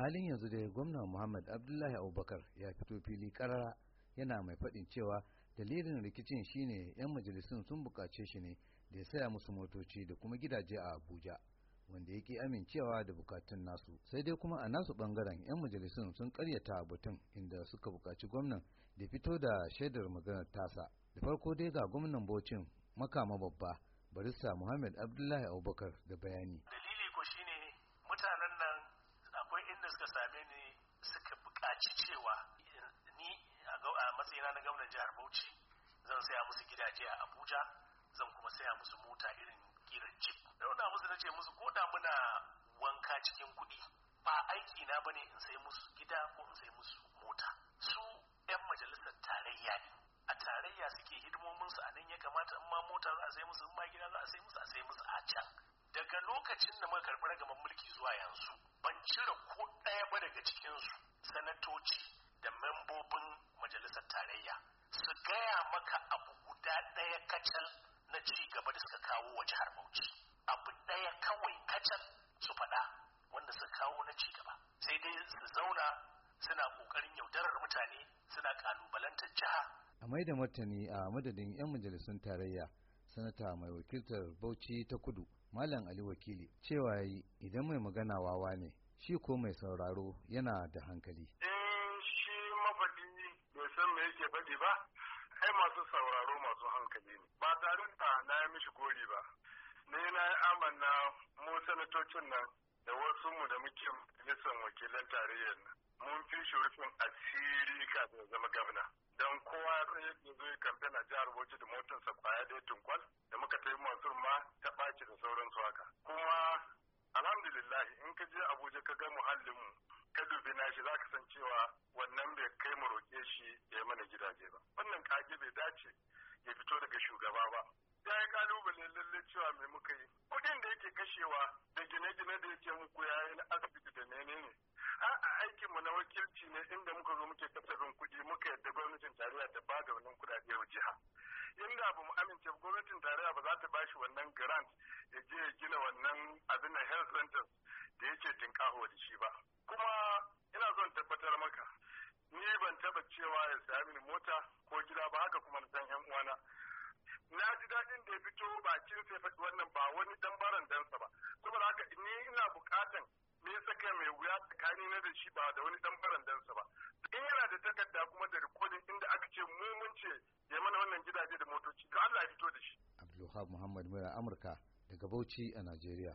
halin yanzu da gwamna muhammad abdullahi abubakar ya fito fili karara yana mai faɗin cewa dalilin rikicin shine 'yan majalisun sun buƙace shi ne da ya saya musu motoci da kuma gidaje a abuja wanda ya ki amincewa da bukatun nasu sai dai kuma a nasu bangaren 'yan majalisun sun karyata batun inda suka buƙaci gwamnan da fito da shaidar maganar tasa da farko dai ga gwamnan bocin makama babba barista muhammad abdullahi abubakar da bayani dalili ko shine mutanen nan akwai inda suka same ni suka buƙaci cewa ni a matsayina na gwamnan jihar bauchi zan saya musu gidaje a abuja zan kuma saya musu mota irin kiran jeep da wanda musu na ce musu ko da muna wanka cikin kuɗi ba aiki na bane in sai musu gida ko in sai musu mota su yan majalisar tarayya ne a tarayya suke hidimominsu a nan ya kamata in ma mota za a sai musu in ma gida za a sai musu a sai musu a can daga lokacin da muka karɓi ragaman mulki zuwa yanzu ban cire ko ɗaya ba daga cikinsu sanatoci da membobin majalisar tarayya su gaya maka abu guda ɗaya kacal na ci gaba da suka kawo wa jihar Bauchi abu ɗaya kawai kacal su faɗa wanda suka kawo na ci gaba sai dai su zauna suna ƙoƙarin yaudarar mutane suna ƙalubalantar jiha a mai da martani a madadin 'yan majalisun tarayya sanata mai wakiltar bauchi ta kudu malam ali wakili cewa idan mai magana wawa ne shi ko mai sauraro yana da hankali in shi mafaɗi bai san me yake faɗi ba ai masu sauraro masu hankali ne ba tare da na yi mishi gori ba ni na yi amanna mu sanatocin nan da wasu mu da muke majalisar wakilan tarayyar nan mun fi shi rufin asiri kafin zama gabna don kowa ya san yadda zai kamfen jihar Bauchi da motarsa kwaya da tunkwal da muka tafi Mansur ma ta ɓaci da sauransu haka. Kuma alhamdulillah in ka je Abuja ka ga muhallinmu ka dubi na shi zaka san cewa wannan bai kai mu roƙe shi ya mana gidaje ba. Wannan kage bai dace ya fito daga shugaba ba. Ya yi kalubale lalle cewa mai muka yi. Kuɗin da yake kashewa da gine-gine da yake muku ya yi na asibiti da menene. A'a aikinmu na wakilci ne inda muka zo muke tattalin kuɗi gwamnatin tarayya ta ba da wannan kuɗaɗe wa jiha inda ba mu amince gwamnatin tarayya ba za ta bashi wannan grant ya je ya gina wannan abin na health center da yake tinkaho da shi ba kuma ina son tabbatar maka ni ban taba cewa ya saya mini mota ko gida ba haka kuma na san yan uwana na ji daɗin da ya fito bakin sai wannan ba wani dan dan barandansa ba in yana da takarda kuma da rikodin inda aka ce mu mun ce ya mana wannan gidaje da motoci to Allah ya fito da shi Abdulwahab Muhammad Mura Amurka daga Bauchi a Najeriya